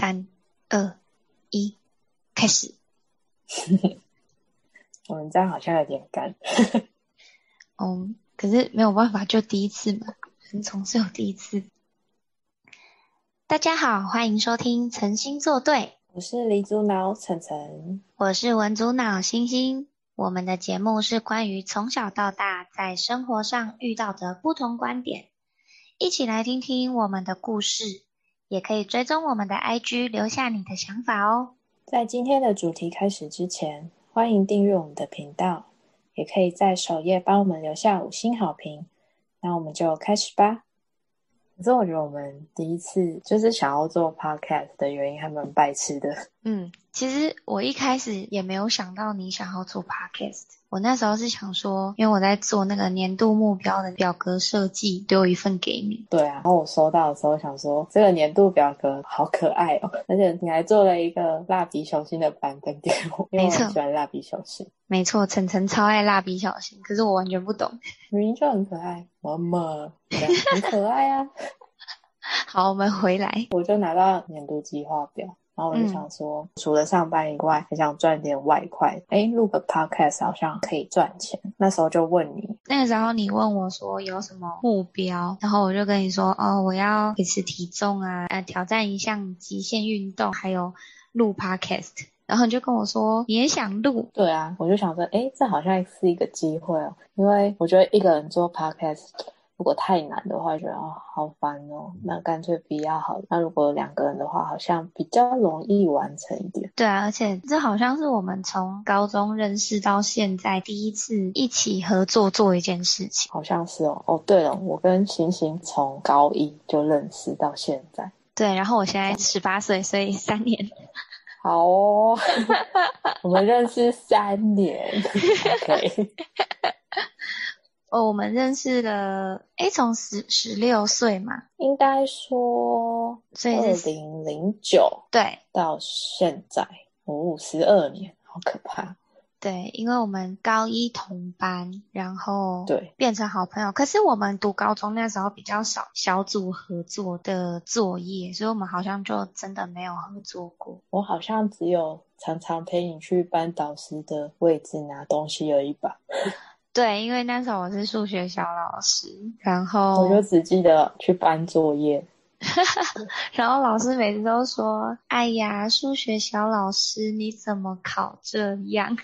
三、二、一，開始。 我們這樣好像有點乾。嗯、 哦，可是沒有辦法，就第一次嘛，人總是有第一次。大家好，歡迎收聽《岑芯作對》，我是理組腦岑岑，岑岑，我是文組腦芯芯。我們的節目是關於從小到大在生活上遇到的不同觀點，一起來聽聽我們的故事。也可以追蹤我們的 IG，留下你的想法哦。在今天的主題開始之前，歡迎訂閱我們的頻道，也可以在首頁幫我們留下五星好評。那我們就開始吧。反正我覺得我們第一次就是想要做 Podcast 的原因還蠻白痴的。嗯。其實我一開始也沒有想到你想要做 Podcast，我那時候是想說，因為我在做那個年度目標的表格設計，丟一份給你。對啊，然後我收到的時候想說，這個年度表格好可愛哦，而且你還做了一個蠟筆小新的版本給我。沒錯，因為我很喜歡蠟筆小新。沒錯，岑岑超愛蠟筆小新，可是我完全不懂。明明就很可愛，我媽、啊，很可愛啊。 好，我們回來，我就拿到年度計劃表。然後我就想說，嗯、除了上班以外，還想賺點外快。哎，錄個 podcast 好像可以賺錢。那時候就問你，那個時候你問我說有什麼目標，然後我就跟你說，哦，我要維持體重啊，呃，挑戰一項極限運動，還有錄 podcast。然後你就跟我說，你也想錄？對啊，我就想說，哎，這好像是一個機會哦、啊，因為我覺得一個人做 podcast，如果太難的話，覺得、哦、好煩哦。那乾脆不要好。那如果兩個人的話，好像比較容易完成一點。對啊，而且這好像是我們從高中認識到現在第一次一起合作做一件事情。好像是哦。哦，對了，我跟芯芯從高一就認識到現在。對，然後我現在十八歲，所以三年。好，我們認識三年。 OK。我們認識了，哎，從十十六歲嘛，應該說，二零零九，對，到現在，十二年，好可怕。對，因為我們高一同班，然後對，變成好朋友。對可是我們讀高中那時候比較少小組合作的作業，所以我們好像就真的沒有合作過。我好像只有常常陪你去班導師的位置拿東西而已吧。 對，因為那時候我是數學小老師，然後我就只記得去搬作業， 然後老師每次都說：“哎呀，數學小老師，你怎麼考這樣？”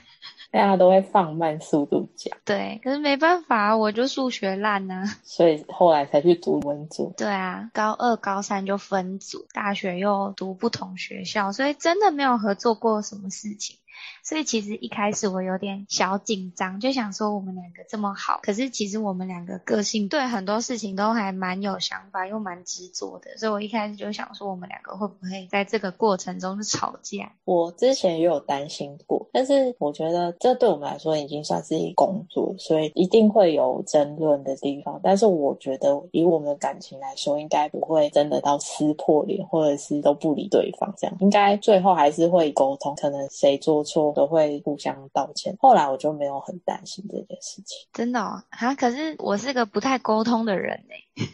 大家都會放慢速度講。對，可是沒辦法，我就數學爛啊，所以後來才去讀文組。對啊，高二、高三就分組，大學又讀不同學校，所以真的沒有合作過什麼事情。所以其實一開始我有點小緊張，就想說我們兩個這麼好，可是其實我們兩個個性對很多事情都還蠻有想法，又蠻執着的，所以我一開始就想說我們兩個會不會在這個過程中吵架。我之前也有擔心過，但是我覺得這對我們來說已經算是一工作，所以一定會有爭論的地方。但是我覺得以我們的感情來說，應該不會真的到撕破臉，或者是都不理對方這樣，應該最後還是會溝通，可能誰做。說都會互相道歉，後來我就沒有很擔心這件事情。真的、哦、啊，可是我是個不太溝通的人呢。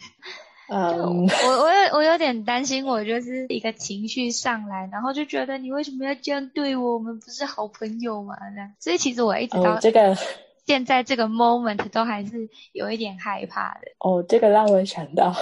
嗯，我我有我有點擔心，我就是一個情緒上來，然後就覺得你為什麼要這樣對我？我們不是好朋友嗎？這樣，所以其實我一直到、哦、這個現在這個 moment 都還是有一點害怕的。哦，這個讓我想到。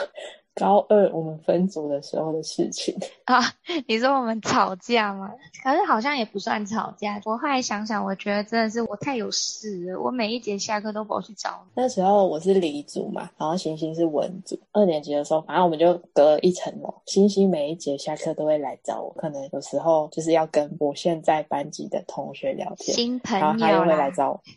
高二我們分組的時候的事情啊，你說我們吵架嗎？可是好像也不算吵架。我後來想想，我覺得真的是我太有事了。我每一節下課都跑去找我。那時候我是理組嘛，然後星星是文組。二年級的時候，反正我們就隔了一層樓。星星每一節下課都會來找我，可能有時候就是要跟我現在班級的同學聊天，新朋友然後他又會來找我。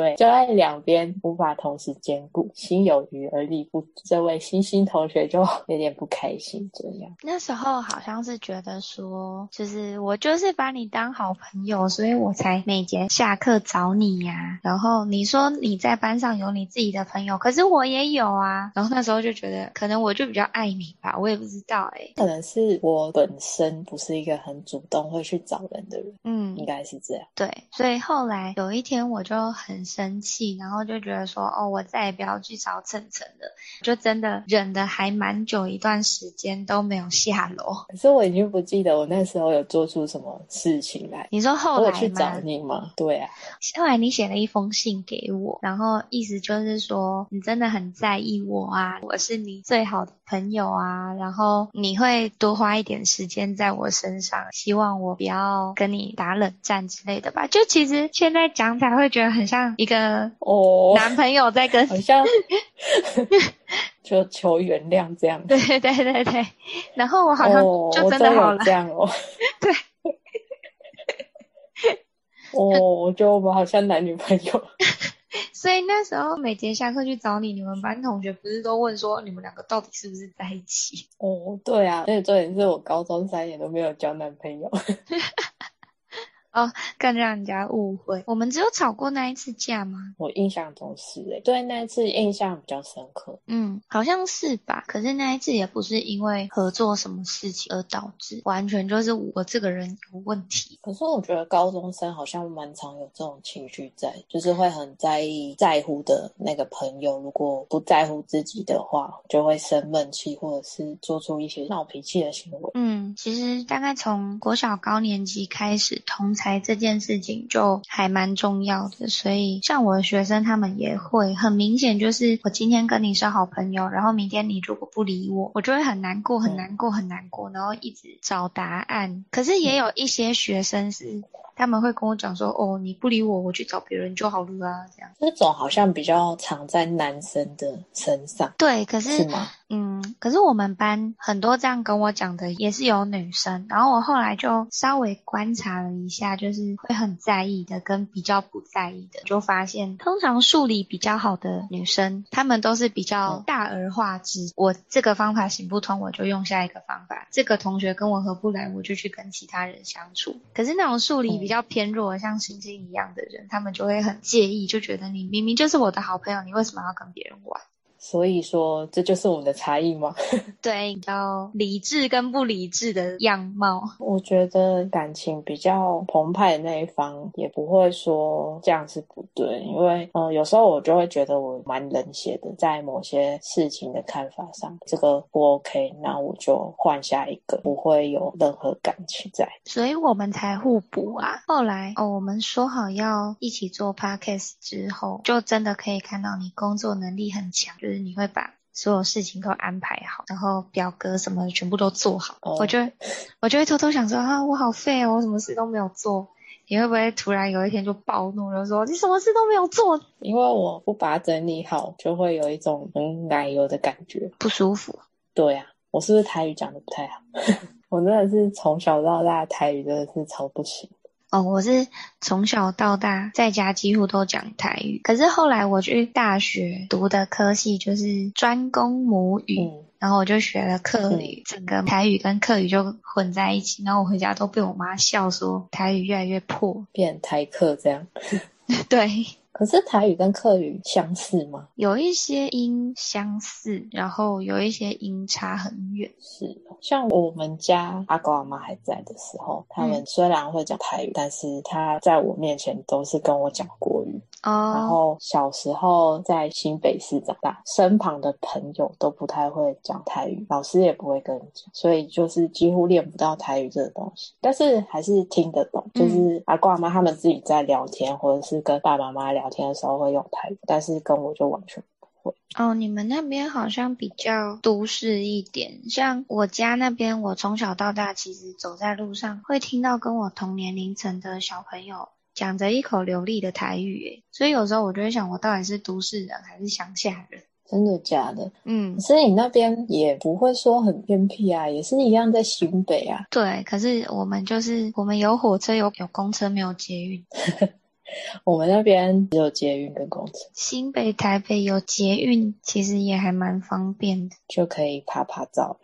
對，就在兩邊無法同時兼顧，心有餘而力不足。這位芯芯同學就有點不開心，這樣。那時候好像是覺得說，就是我就是把你當好朋友，所以我才每節下課找你呀、啊。然後你說你在班上有你自己的朋友，可是我也有啊。然後那時候就覺得，可能我就比較愛你吧，我也不知道哎、欸。可能是我本身不是一個很主動會去找人的人，嗯，應該是這樣。對，所以後來有一天我就很。生氣，然後就覺得說，哦，我再也不要去找岑岑了。就真的忍得還蠻久，一段時間都沒有下樓。可是我已經不記得我那時候有做出什麼事情來。你說後來我去找你嗎？對啊，後來你寫了一封信給我，然後意思就是說，你真的很在意我啊，我是你最好的朋友啊，然後你會多花一點時間在我身上，希望我不要跟你打冷戰之類的吧。就其實現在講起來，會覺得很像。一個哦，男朋友在跟、oh, 好像 就求原諒這樣。 對對對對，然後我好像就真的好了，oh, 哦，對，哦，我覺得我們好像男女朋友。 所以那時候每節下課去找你，你們班同學不是都問說你們兩個到底是不是在一起？哦，oh, 對啊，所以重點是我高中三年都沒有交男朋友。 哦，oh, 更讓人家誤會。我們只有吵過那一次架嗎？我印象中是、欸，哎，對那一次印象比較深刻。嗯，好像是吧。可是那一次也不是因為合作什麼事情而導致，完全就是我這個人有問題。可是我覺得高中生好像蠻常有這種情緒在，就是會很在意、在乎的那個朋友，如果不在乎自己的話，就會生悶氣，或者是做出一些鬧脾氣的行為。嗯，其實大概從國小高年級開始，通常。這件事情就還蠻重要的，所以像我的學生他們也會很明顯，就是我今天跟你是好朋友，然後明天你如果不理我，我就會很難過，很難過，很難過，然後一直找答案。可是也有一些學生是。他們會跟我講說，哦，你不理我，我去找別人就好了啊，這樣。這種好像比較常在男生的身上。對，可是。是嗎？嗯，可是我們班很多這樣跟我講的也是有女生，然後我後來就稍微觀察了一下，就是會很在意的跟比較不在意的，就發現通常數理比較好的女生，她們都是比較大而化之。嗯、我這個方法行不通，我就用下一個方法。這個同學跟我合不來，我就去跟其他人相處。可是那種數理、嗯。比較偏弱，像芯芯一樣的人，他們就會很介意，就覺得你明明就是我的好朋友，你為什麼要跟別人玩？所以說，這就是我們的差異嗎？ 對，比較理智跟不理智的樣貌。我覺得感情比較澎湃的那一方也不會說這樣是不對，因為呃，有時候我就會覺得我蠻冷血的，在某些事情的看法上，這個不 OK，那我就換下一個，不會有任何感情在。所以我們才互補啊。後來哦，我們說好要一起做 podcast 之後，就真的可以看到你工作能力很強。就是你會把所有事情都安排好，然後表格什麼的全部都做好。哦、我就會，我就會偷偷想說啊，我好廢哦，我什麼事都沒有做。你會不會突然有一天就暴怒了，說你什麼事都沒有做？因為我不把它整理好，就會有一種很、嗯、奶油的感覺，不舒服。對呀、啊，我是不是台語講的不太好？ 我真的是從小到大台語真的是超不起。哦，我是從小到大在家幾乎都講台語，可是後來我去大學讀的科系就是專攻母語，嗯、然後我就學了客語，對整個台語跟客語就混在一起，然後我回家都被我媽笑說台語越來越破，變台客這樣。嗯、對。可是台語跟客語相似嗎？有一些音相似，然後有一些音差很遠。是，像我們家阿公阿媽還在的時候，他們雖然會講台語，嗯、但是他在我面前都是跟我講國語。哦。然後小時候在新北市長大，身旁的朋友都不太會講台語，老師也不會跟你講，所以就是幾乎練不到台語這個東西。但是還是聽得懂，嗯、就是阿公阿媽他們自己在聊天，或者是跟爸爸媽媽聊。聊天的時候會用台語，但是跟我就完全不會哦。Oh, 你們那邊好像比較都市一點，像我家那邊，我從小到大其實走在路上會聽到跟我同年齡層的小朋友講着一口流利的台語，哎，所以有時候我就會想，我到底是都市人還是鄉下人？真的假的？嗯，可是你那邊也不會說很偏僻啊，也是一樣在新北啊。對，可是我們就是我們有火車，有有公車，沒有捷運。 我們那邊只有捷運跟公車，新北、台北有捷運，其實也還蠻方便的，就可以拍拍照。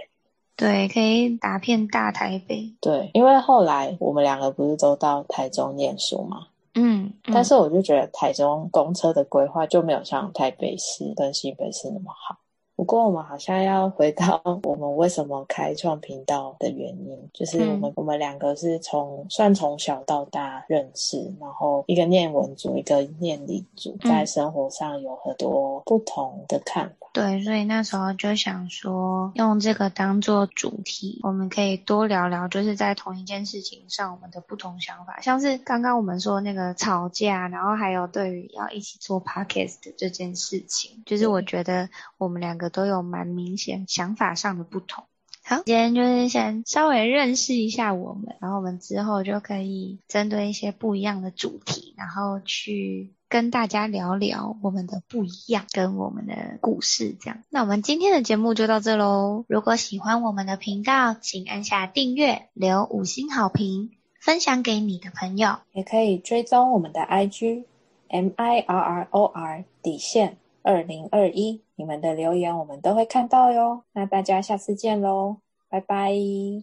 對，可以打遍大台北。對，因為後來我們兩個不是都到台中念書嘛。嗯，嗯，但是我就覺得台中公車的規劃就沒有像台北市跟新北市那麼好。不過我們好像要回到我們為什麼開創頻道的原因，就是我們、嗯、我們兩個是從算從小到大認識，然後一個念文組，一個念理組，在生活上有很多不同的看法、嗯。對，所以那時候就想說，用這個當做主題，我們可以多聊聊，就是在同一件事情上我們的不同想法，像是剛剛我們說那個吵架，然後還有對於要一起做 podcast 的這件事情，就是我覺得我們兩個。都有蠻明顯想法上的不同。好，今天就是先稍微認識一下我們，然後我們之後就可以針對一些不一樣的主題，然後去跟大家聊聊我們的不一樣跟我們的故事。這樣，那我們今天的節目就到這嘍。如果喜歡我們的頻道，請按下訂閱，留五星好評，分享給你的朋友，也可以追蹤我們的 IG, I G M I R R O R 底線。二零二一，2021，你們的留言我們都會看到喲。那大家下次見嘍，拜拜。